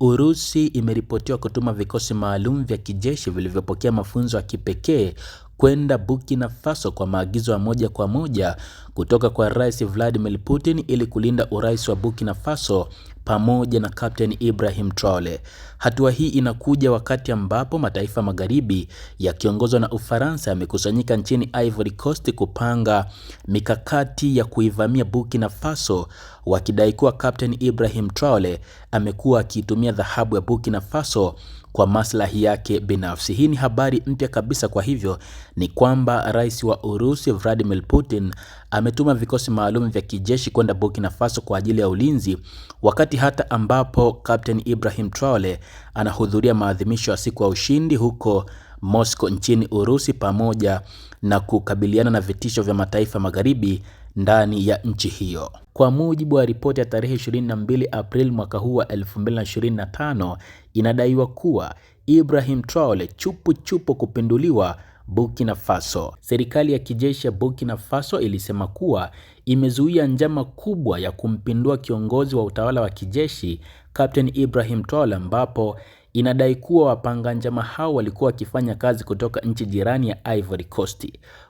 Urusi imeripotiwa kutuma vikosi maalum vya kijeshi vilivyopokea mafunzo ya kipekee kwenda Burkina Faso kwa maagizo ya moja kwa moja kutoka kwa Rais Vladimir Putin ili kulinda urais wa Burkina Faso pamoja na Kapteni Ibrahim Traore. Hatua hii inakuja wakati ambapo mataifa magharibi yakiongozwa na Ufaransa yamekusanyika nchini Ivory Coast kupanga mikakati ya kuivamia Burkina Faso wakidai kuwa Captain Ibrahim Traore amekuwa akiitumia dhahabu ya Burkina Faso kwa maslahi yake binafsi. Hii ni habari mpya kabisa. Kwa hivyo ni kwamba rais wa Urusi Vladimir Putin ametuma vikosi maalum vya kijeshi kwenda Burkina Faso kwa ajili ya ulinzi, wakati hata ambapo Captain Ibrahim Traore anahudhuria maadhimisho ya siku ya ushindi huko Moscow nchini Urusi, pamoja na kukabiliana na vitisho vya mataifa magharibi ndani ya nchi hiyo. Kwa mujibu wa ripoti ya tarehe 22 Aprili mwaka huu wa 2025, inadaiwa kuwa Ibrahim Traore chupu chupu kupinduliwa Burkina Faso. Serikali ya kijeshi ya Burkina Faso ilisema kuwa imezuia njama kubwa ya kumpindua kiongozi wa utawala wa kijeshi Captain Ibrahim Traore ambapo inadai kuwa wapanga njama hao walikuwa wakifanya kazi kutoka nchi jirani ya Ivory Coast.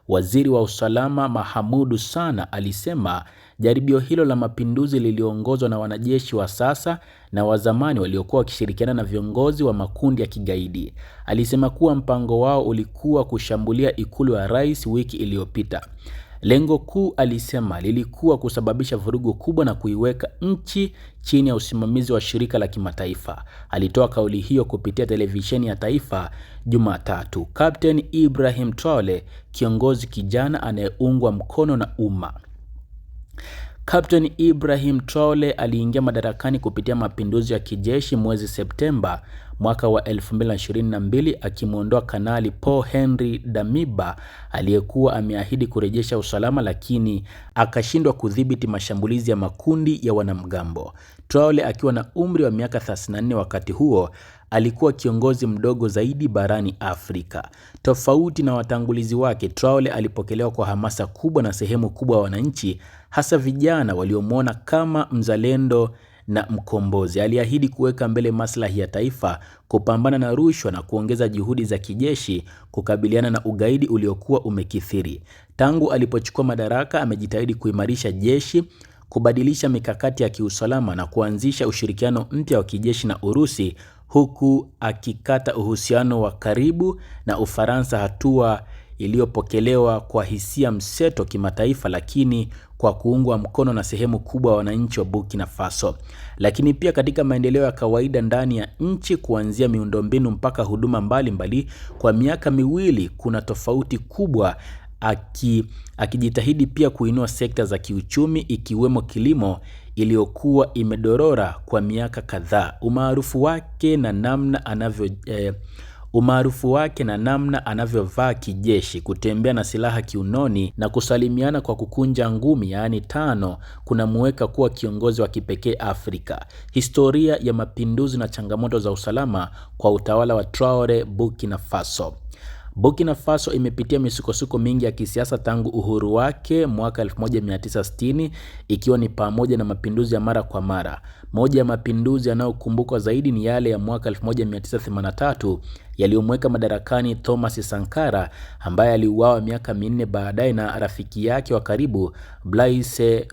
Waziri wa usalama Mahamudu Sana alisema jaribio hilo la mapinduzi liliongozwa na wanajeshi wa sasa na wa zamani waliokuwa wakishirikiana na viongozi wa makundi ya kigaidi. Alisema kuwa mpango wao ulikuwa kushambulia ikulu ya rais wiki iliyopita. Lengo kuu, alisema, lilikuwa kusababisha vurugu kubwa na kuiweka nchi chini ya usimamizi wa shirika la kimataifa. Alitoa kauli hiyo kupitia televisheni ya taifa Jumatatu. Kapteni Ibrahim Traore, kiongozi kijana anayeungwa mkono na umma Captain Ibrahim Traore aliingia madarakani kupitia mapinduzi ya kijeshi mwezi Septemba mwaka wa 2022 akimwondoa Kanali Paul Henry Damiba aliyekuwa ameahidi kurejesha usalama, lakini akashindwa kudhibiti mashambulizi ya makundi ya wanamgambo. Traore akiwa na umri wa miaka 34 wakati huo alikuwa kiongozi mdogo zaidi barani Afrika. Tofauti na watangulizi wake, Traore alipokelewa kwa hamasa kubwa na sehemu kubwa ya wananchi hasa vijana waliomwona kama mzalendo na mkombozi. Aliahidi kuweka mbele maslahi ya taifa, kupambana na rushwa na kuongeza juhudi za kijeshi kukabiliana na ugaidi uliokuwa umekithiri. Tangu alipochukua madaraka, amejitahidi kuimarisha jeshi, kubadilisha mikakati ya kiusalama na kuanzisha ushirikiano mpya wa kijeshi na Urusi, huku akikata uhusiano wa karibu na Ufaransa, hatua iliyopokelewa kwa hisia mseto kimataifa, lakini kwa kuungwa mkono na sehemu kubwa ya wananchi wa Burkina Faso, lakini pia katika maendeleo ya kawaida ndani ya nchi, kuanzia miundombinu mpaka huduma mbalimbali mbali. Kwa miaka miwili kuna tofauti kubwa aki, akijitahidi pia kuinua sekta za kiuchumi ikiwemo kilimo iliyokuwa imedorora kwa miaka kadhaa. Umaarufu wake na namna anavyo eh, Umaarufu wake na namna anavyovaa kijeshi, kutembea na silaha kiunoni na kusalimiana kwa kukunja ngumi, yaani tano, kunamuweka kuwa kiongozi wa kipekee Afrika. Historia ya mapinduzi na changamoto za usalama kwa utawala wa Traore Burkina Faso. Burkina Faso imepitia misukosuko mingi ya kisiasa tangu uhuru wake mwaka 1960 ikiwa ni pamoja na mapinduzi ya mara kwa mara. Moja ya mapinduzi yanayokumbukwa zaidi ni yale ya mwaka 1983 yaliyomweka madarakani Thomas Sankara ambaye aliuawa miaka minne baadaye na rafiki yake wa karibu Blaise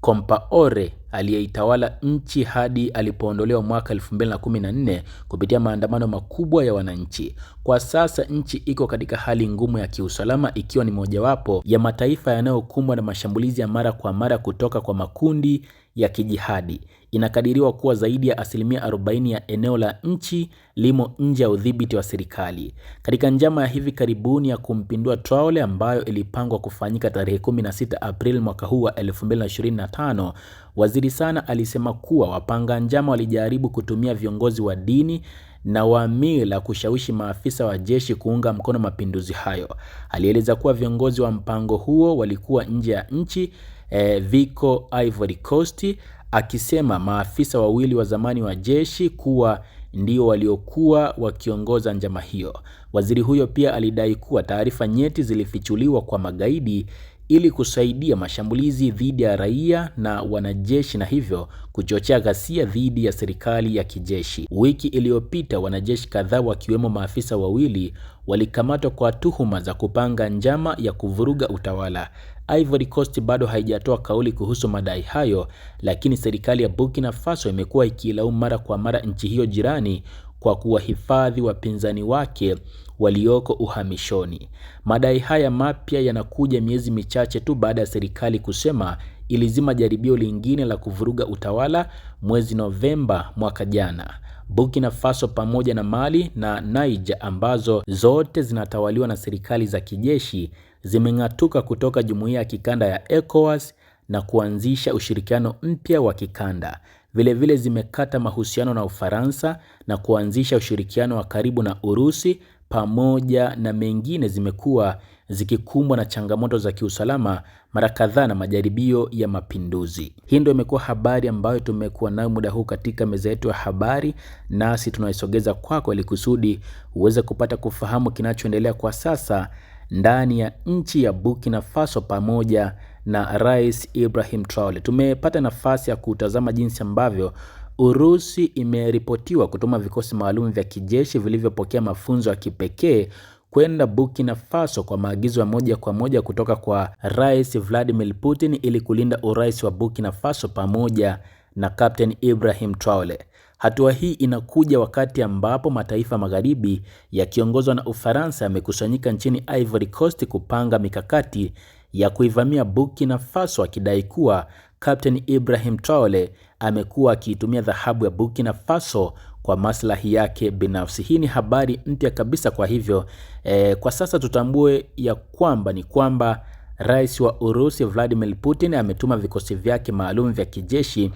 Compaore aliyeitawala nchi hadi alipoondolewa mwaka 2014 kupitia maandamano makubwa ya wananchi. Kwa sasa nchi iko katika hali ngumu ya kiusalama, ikiwa ni mojawapo ya mataifa yanayokumbwa na mashambulizi ya mara kwa mara kutoka kwa makundi ya kijihadi inakadiriwa kuwa zaidi ya asilimia 40 ya eneo la nchi limo nje ya udhibiti wa serikali. Katika njama ya hivi karibuni ya kumpindua Traore ambayo ilipangwa kufanyika tarehe 16 Aprili mwaka huu wa 2025, Waziri Sana alisema kuwa wapanga njama walijaribu kutumia viongozi wa dini na wa mila kushawishi maafisa wa jeshi kuunga mkono mapinduzi hayo. Alieleza kuwa viongozi wa mpango huo walikuwa nje ya nchi, eh, viko Ivory Coast, akisema maafisa wawili wa zamani wa jeshi kuwa ndio waliokuwa wakiongoza njama hiyo. Waziri huyo pia alidai kuwa taarifa nyeti zilifichuliwa kwa magaidi ili kusaidia mashambulizi dhidi ya raia na wanajeshi na hivyo kuchochea ghasia dhidi ya serikali ya kijeshi. Wiki iliyopita, wanajeshi kadhaa wakiwemo maafisa wawili walikamatwa kwa tuhuma za kupanga njama ya kuvuruga utawala. Ivory Coast bado haijatoa kauli kuhusu madai hayo, lakini serikali ya Burkina Faso imekuwa ikilaumu mara kwa mara nchi hiyo jirani kwa kuwahifadhi wapinzani wake walioko uhamishoni. Madai haya mapya yanakuja miezi michache tu baada ya serikali kusema ilizima jaribio lingine la kuvuruga utawala mwezi Novemba mwaka jana. Burkina Faso pamoja na Mali na Niger ambazo zote zinatawaliwa na serikali za kijeshi zimeng'atuka kutoka jumuiya ya kikanda ya ECOWAS na kuanzisha ushirikiano mpya wa kikanda. Vilevile zimekata mahusiano na Ufaransa na kuanzisha ushirikiano wa karibu na Urusi pamoja na mengine zimekuwa zikikumbwa na changamoto za kiusalama mara kadhaa na majaribio ya mapinduzi. Hii ndio imekuwa habari ambayo tumekuwa nayo muda huu katika meza yetu ya habari, nasi tunaisogeza kwako ili kusudi uweze kupata kufahamu kinachoendelea kwa sasa ndani ya nchi ya Burkina Faso pamoja na Rais Ibrahim Traore. Tumepata nafasi ya kutazama jinsi ambavyo Urusi imeripotiwa kutuma vikosi maalum vya kijeshi vilivyopokea mafunzo ya kipekee kwenda Burkina Faso kwa maagizo ya moja kwa moja kutoka kwa Rais Vladimir Putin ili kulinda urais wa Burkina Faso pamoja na Captain Ibrahim Traore. Hatua hii inakuja wakati ambapo mataifa magharibi yakiongozwa na Ufaransa yamekusanyika nchini Ivory Coast kupanga mikakati ya kuivamia Burkina Faso akidai kuwa Kapteni Ibrahim Traore amekuwa akiitumia dhahabu ya Burkina Faso kwa maslahi yake binafsi. Hii ni habari mpya kabisa. Kwa hivyo eh, kwa sasa tutambue ya kwamba ni kwamba Rais wa Urusi Vladimir Putin ametuma vikosi vyake maalum vya kijeshi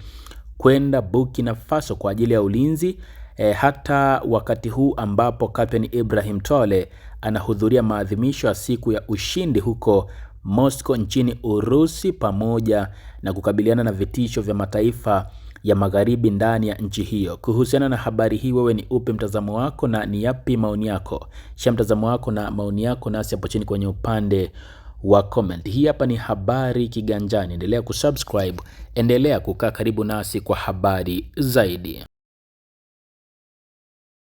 kwenda Burkina Faso kwa ajili ya ulinzi eh, hata wakati huu ambapo Kapteni Ibrahim Traore anahudhuria maadhimisho ya siku ya ushindi huko Moscow nchini Urusi pamoja na kukabiliana na vitisho vya mataifa ya magharibi ndani ya nchi hiyo. Kuhusiana na habari hii, wewe ni upi mtazamo wako na ni yapi maoni yako? Shia mtazamo wako na maoni yako nasi hapo chini kwenye upande wa comment. Hii hapa ni habari Kiganjani. Endelea kusubscribe, endelea kukaa karibu nasi kwa habari zaidi.